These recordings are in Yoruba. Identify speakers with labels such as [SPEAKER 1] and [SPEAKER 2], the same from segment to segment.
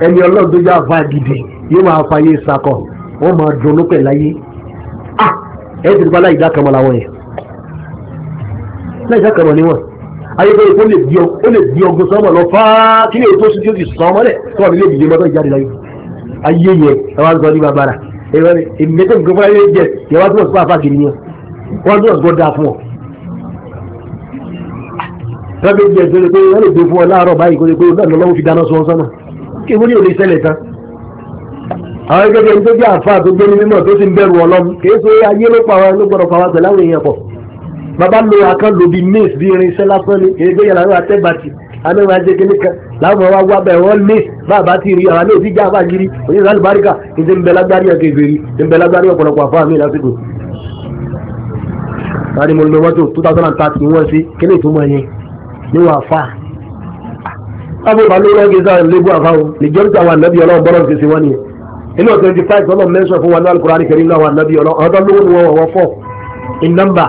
[SPEAKER 1] ẹni ọlọ́run tó jẹ́ àfa gidi yóò máa fayé sakọ wọ́n máa dunnú pẹ̀ láyé ah ẹ̀ ti dùpá láì dákàmọ́ làwọn yẹn láì dákàmọ́ ni wọ́n ayébẹ́rẹ́ tó lè di ọgbọ́n sọ́mọ̀ lọ fáá kí ní èyí tó sì tí ó sì sọ́mọ́ rẹ̀ tó wà nílé ìdílé mọ́tọ́ ìjáde láyé ayé yẹ ẹwà ń sọ ní bàbára èmẹ́tẹ́ nǹkan fúnra yẹn jẹ ìyàwó tó wọ́n sọ àfà kìnìyàn wọ́n tó wọ́n sọ dáa fún ọ private jet tó lè pé wọ́n lè gbé fún ọ láàárọ̀ báyìí kó lè pé ó náà lọ́wọ́ fi dáná sun ọsán náà kí wọ́n ní òde ṣẹlẹ̀ tán. àwọn ẹgbẹ́ bíi ẹni tó jẹ́ àfa tó gbé ní mímọ̀ tó ti ń bẹ̀rù ọlọ́run kì í ṣe ayé ló pa wa ló gbọ́dọ̀ pa wa pẹ̀lú àwọn èèyàn pọ̀. bàbá lo akán lo bíi mace bíi irinṣẹ́ lásán ni kì í gbé yàrá wa tẹ́bàtì anáwó ajé kí nìkan láwọn wa wá bẹ̀ wọ́n lé bàbá ti rí àwọn àléèfí já àbá yiri òye sálì báríkà ìdí ń bẹ lágbárí ẹ̀kẹ́ ìgbèrí ń bẹ lágbárí ọ̀pọ̀lọpọ̀ àfáà mi lásìkò. tani mo lọ mọ́tò two thousand ìtumọ̀ yẹn ní wàá fà sábà bá lórí ọgẹ sáà lébú àfáwọn nìjọ́rí tí àwọn ànábì ọlọ́run bọ́lá ti ṣe wọ́n nìyẹn inú ọ̀sẹ̀ ti fáìsì ọlọ́run mẹ́sàn fún wa ní alukóra nìkẹ́rì nínú àwọn ànábì ọlọ́run ọ̀dọ́ lówó ni wọ́n wọ́n fọ́ in nọ́mbà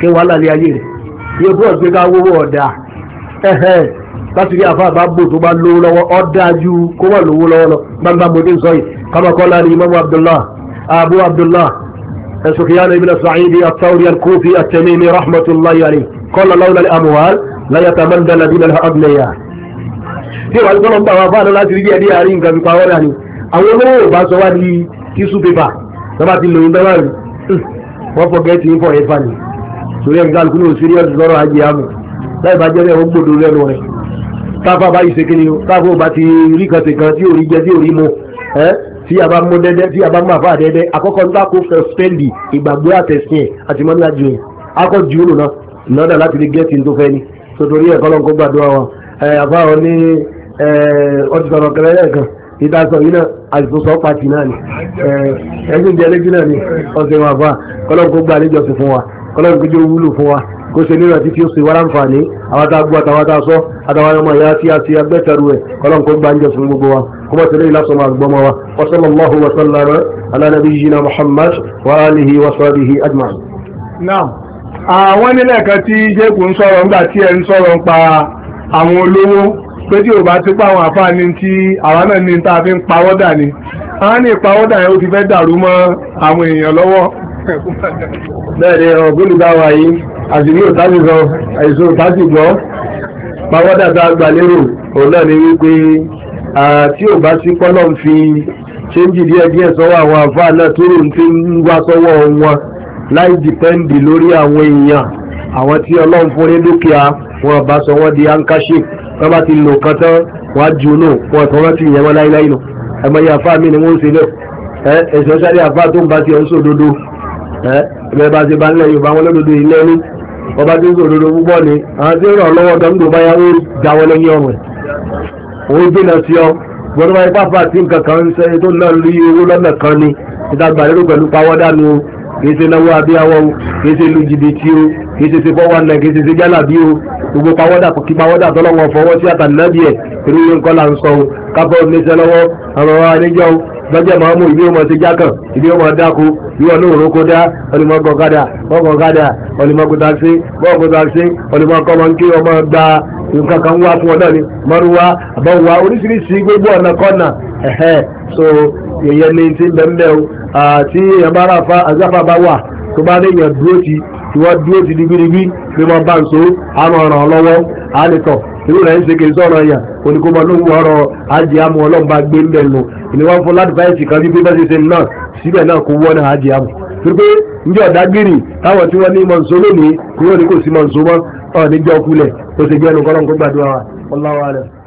[SPEAKER 1] kí wàhálà lé ayé rẹ̀ yóò bú ọ̀sẹ̀ ká wọ́wọ́ ọ̀dà ẹ̀hẹ́ láti rí àfa àbá bò tó bá lówó lọ́wọ́ ọ̀dà ju kó lọ bàbá mòdì sọ láyàtà mọ́ndà nàbí lọ́la ọ̀gbìnlẹ̀yà tí wàá gbọ́dọ̀ ń bá wa fáànù láti rí díẹ̀ díẹ̀ àrí nǹkan fipá wọ́n dání àwọn olówó ò bá sọ wá di tissue paper lọ́ba ti lòun bẹ́ẹ̀ wáyé hmm, wọ́n fọ gẹ́ẹ̀tì ń fọ ẹ̀fà ni sórí ẹ̀ka lùkúnú sírìọ́sì lọ́rọ̀ ajé àmọ́ láì bá jẹ́ bẹ́ẹ̀ ó gbòdò lẹ́nu rẹ̀ táfà bá yìí ṣèkínni o táfà bá ti rí kan ṣe kan tí ò rí jẹ a bá mú dẹ́dẹ́ tí a bá mú àfà dẹ́dẹ́ àkọ́kọ́ ń dákó fẹ́ ìgbàgbé àtẹ̀sìn ẹ̀ àti mọ́nìyàjú ẹ̀ akọ́jú òun náà lọ́dà láti lè gẹ́ẹ̀tì tó fẹ́ ni sotori ẹ̀kọ́ e, lọ́nkọ́ gbàdúrà wa àbá wọn ní ọtí sọ̀rọ̀ kẹrẹ ẹ̀kan ìdásọ yìí náà àìsòsọ pàtì náà ni ẹ̀sìn jẹ́ lẹ́jú náà ni ọ̀sẹ̀ wà bá kọ́lọ́nkọ́ gbà níjọsìn fún wa kọ́lọ́nkọ́ jẹ́ wúlò fún wa kó ṣe nínú àti tí ó ṣe wá láǹfààní àwọn tá a gbọ́ àtàwọn tá a sọ àtàwọn ọmọ ìyá tí a ṣe agbẹ́tẹ̀rù ẹ̀ kọ́lọ́n kó gbá ń jọ gbogbo wa kó mọ̀ sílẹ̀ ìlàsọ̀ máa gbọ́ mọ́ wa wa sallallahu wa sallama ala nabiyyina muhammad wa alihi wa sahbihi ajma'in. naam àwọn nílẹ̀ kan tí jẹ́kù ń sọ̀rọ̀ ńgbà tí ẹ ń sọ̀rọ̀ ń pa àwọn olówó pé tí ò bá ti pa àwọn àfáàní tí àwa náà ní tá a fi ń pawọ́dà ni àwọn ní ìpawọ́dà yẹn ó ti fẹ́ dàrú mọ́ àwọn èèyàn lọ́wọ́. bẹ́ẹ̀ ni ọ̀gbọ́nùgbàwà yìí àṣírí ò tájì sọ àìsàn ò tájì gbọ́ pawọ́dà tá a gbà lérò òun náà ni wípé tí ò bá sí pọ́lọ́ ń fi ṣéńjì díẹ̀ díẹ̀ sọ́wọ́ àwọn àfáà náà tó rò ń ti ń wá sọ́wọ́ láì dìpẹ́ǹdì lórí àwọn èèyàn àwọn tí ọlọ́run fún ní dúkìá wọn bá sọ wọ́n di handkerchief wọ́n bá ti lò kan tán wọ́n á jù nù wọ́n tó rántí ìyẹn wọn láíláí nù ẹ̀mọ yìí àfáà mi ni wọ́n ń ṣe náà ẹ̀sẹ̀ sáré àfáà tó ń bá ti ẹ̀ ń sòdodo ẹ̀ẹ́dẹ̀ bá ti bá nílẹ̀ yorùbá wọn lọ́dọọdọ ilé ní ọba tí ń sòdodo púpọ̀ ni àwọn tí ń ràn lọ́wọ́ dọ́ńdò báyà ó já wọn lẹ́yìn ọ̀rùn ẹ̀ òun gbìnà sí ọ gbọdọ̀ báyìí pàápàá tí nǹkan kan ń sẹ́yìn tó náà lórí owó lọ́nà kan ni ìta gbàlérò pẹ̀lú pawọ́dà nu kìí ṣe náwó abíyáwọ́ o kìí ṣe lu jìbìtì o kìí ṣe ṣe fọ́wọ́ náà kìí ṣe ṣe jálàbí o gbogbo pawọ́dà kí pawọ́dà tọ́lọ́wọ́ fọwọ́ sí àtàlẹ́bí ẹ̀ irú yẹn kọ́ là ń sọ o kápẹ́ oníṣẹ́ lọ́wọ́ àwọn ọmọ aníjọ́ o lọ́jọ́ máa mú ìdí ọmọ sí jákàn ìdí ọmọ dáko ìwọ ní òrókó dá ọlùmọ́gọ́gádà ọgọ́gádà ọlùmọ́gọ́tàṣe bọ́ọ̀gọ́tàṣe ọlùmọ́kọ́mọ́nkí ọmọ gba nǹkan kan wá fún ọ náà ni mọ́rúwá àbọ̀wá oríṣiríṣi gbogbo ọ̀nà kọ́nà ẹ̀hẹ́ so èèyàn ní ti ń bẹ ń bẹ o àti èèyàn bá ráfa àzáfà bá wà tó bá ní èèyàn dúró ti ìwọ dúró ti digbidigbi pé wọn bá ń so àmọ́ ràn án lọ́wọ́ á lè tọ̀ irú rẹ̀ ń ṣe kìí sọ̀rọ̀ yà oníkómọ ló ń wọ ọ̀rọ̀ ajé amú ọlọ́mùbá gbé ń bẹ̀ nù ìníwọ́n fún ládùúgbáyìí kan bí bíbẹ́ ṣe náà síbẹ̀ náà kò wọ́n náà ajé amú pípé njẹ́ ọ̀dágìrì táwọn tí wọ́n ní mọ̀nsó lónìí kúrò ní kò sí mọ̀nsó mọ́ ọ̀ níjọ́ kulẹ̀ ó ṣe jẹ́ ẹnu kó gbàdúrà wa ọláwa rẹ̀.